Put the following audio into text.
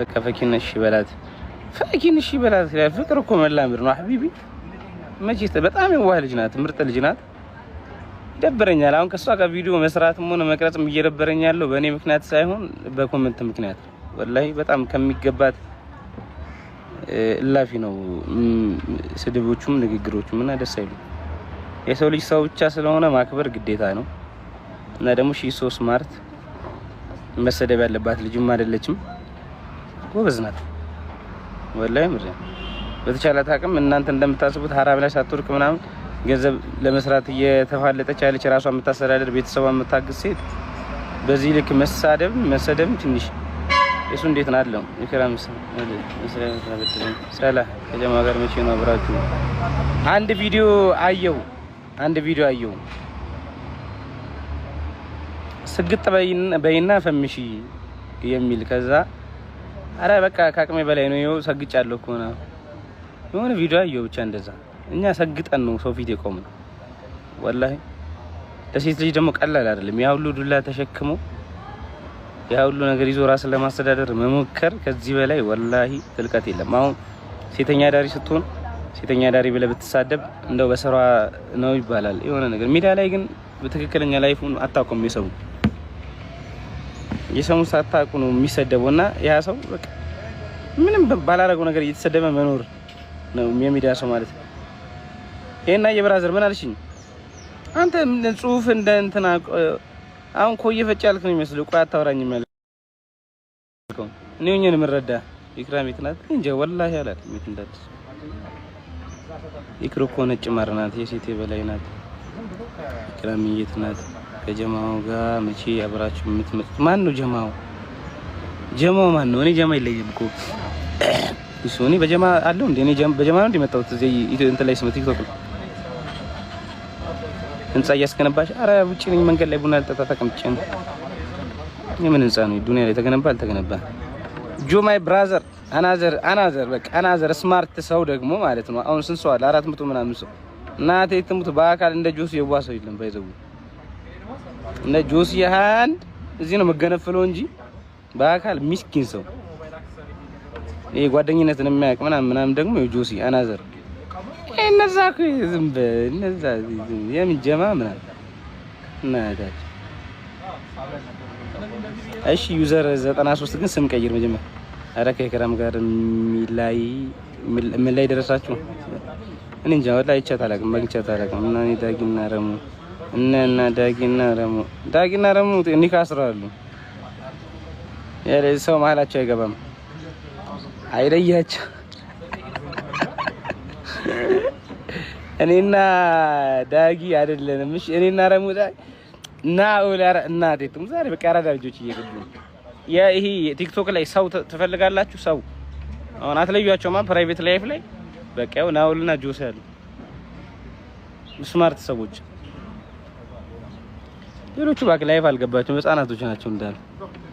በቃ ፈኪን እሺ በላት፣ ፈኪን እሺ በላት። ፍቅር እኮ መላምድ ነው ሀቢቢ። መቼ በጣም የዋህ ልጅ ናት፣ ምርጥ ልጅ ናት። ይደበረኛል አሁን ከእሷ ጋር ቪዲዮ መስራትም ሆነ መቅረጽም እየደበረኝ ያለው በእኔ ምክንያት ሳይሆን በኮመንት ምክንያት ወላሂ በጣም ከሚገባት እላፊ ነው ስድቦቹም ንግግሮቹም እና ደስ አይሉ። የሰው ልጅ ሰው ብቻ ስለሆነ ማክበር ግዴታ ነው እና ደግሞ ሺ ሶ ስማርት መሰደብ ያለባት ልጅም አይደለችም። ጎበዝ ናት። ወላይ ምር በተቻላት አቅም እናንተ እንደምታስቡት ሀራ ብላ ሳትወርቅ ምናምን ገንዘብ ለመስራት እየተፋለጠች ያለች ራሷ የምታስተዳደር ቤተሰቧ የምታግዝ ሴት በዚህ ልክ መሳደብ መሰደብ ትንሽ እሱ እንዴት ነው አለው። ኢክራም ሰላ ከጀማ ጋር መቼ ነው አብራችሁ? አንድ ቪዲዮ አየው አንድ ቪዲዮ አየው። ስግጥ በይና ፈምሺ የሚል ከዛ አረ በቃ ከአቅሜ በላይ ነው። ይኸው ሰግጫለሁ እኮ ነው የሆነ ቪዲዮ አየሁ። ብቻ እንደዛ እኛ ሰግጠን ነው ሰው ፊት የቆምነው። ወላሂ ለሴት ልጅ ደግሞ ቀላል አይደለም። ያ ሁሉ ዱላ ተሸክሞ ያ ሁሉ ነገር ይዞ ራስን ለማስተዳደር መሞከር ከዚህ በላይ ወላሂ ጥልቀት የለም። አሁን ሴተኛ ዳሪ ስትሆን ሴተኛ ዳሪ ብለህ ብትሳደብ እንደው በስራ ነው ይባላል የሆነ ነገር። ሜዳ ላይ ግን በትክክለኛ ላይፉን አታውቅም የሰው የሰውን ሳታውቁ ነው የሚሰደበው እና ያ ሰው በቃ ምንም ባላረገው ነገር እየተሰደበ መኖር ነው የሚዲያ ሰው ማለት ነው። ይሄና የብራዘር ምን አልሽኝ አንተ ጽሁፍ እንደ እንትና አሁን እኮ እየፈጭ ያልክ ነው የሚመስለው። ቆይ አታወራኝ የሚያልከው እኔ ሆኜ ነው የምረዳ። ይክራም የት ናት እንጂ ወላሂ አላት ምን እንዳትስ ኢክሩ እኮ ነጭ ማር ናት፣ የሴቴ በላይ ናት። ኢክራም የት ከጀማው ጋር መቼ አብራችሁ የምትመጡት? ማን ነው ጀማው? ጀማው ማን ነው? እኔ ጀማ ይለየም እኮ እሱ እኔ በጀማ አለው እንዴ? እኔ ጀማ በጀማ ነው እንደመጣሁት እዚህ እንት ላይ ስመት ቲክቶክ ነው ህንጻ እያስገነባች። አረ ውጪ ነኝ መንገድ ላይ ቡና ልጠጣ ተቀምጬ ነው። የምን ህንጻ ነው? ዱኒያ ላይ ተገነባ አልተገነባ? ጆ ማይ ብራዘር አናዘር አናዘር በቃ አናዘር ስማርት ሰው ደግሞ ማለት ነው። አሁን ስንት ሰው አለ? አራት መቶ ምናምን ሰው እናቴ ትሙት በአካል እንደ ጆስ የዋህ ሰው የለም ባይዘው እነ ጆሲ የሀያ አንድ እዚህ ነው መገነፈለው እንጂ በአካል ሚስኪን ሰው ይሄ ጓደኝነትን የሚያውቅ ምናምን ምናምን ደግሞ ጆሲ አናዘር እነዛ እኮ ዝም በል እነዛ የምን ጀማ ምናምን እናታች እሺ ዩዘር 93 ግን ስም ቀይር መጀመሪያ። አረ ከክራም ጋር ሚላይ ምን ላይ ደረሳችሁ? እኔ እንጃ ወላሂ አይቻት አላውቅም፣ መግቻት አላውቅም እና እኔ ዳጊና ረሙ እነና ዳጊና ረሙ ዳጊና ረሙ ኒካ አስረዋል። ያለ ሰው መሀላቸው አይገባም። አይለያቸው። እኔና ዳጊ አይደለንም። እሺ እኔና ረሙ እና ወላራ እና ዴቱም ዛሬ በቃ አራዳ ልጆች እየገቡ ያ ይሄ ቲክቶክ ላይ ሰው ትፈልጋላችሁ። ሰው አሁን አትለዩዋቸውማ። ፕራይቬት ላይፍ ላይ በቃ ያው ናውልና ጆስ ያሉ ስማርት ሰዎች ሌሎቹ ባክ ላይፍ አልገባቸውም። ህጻናቶች ናቸው እንዳለ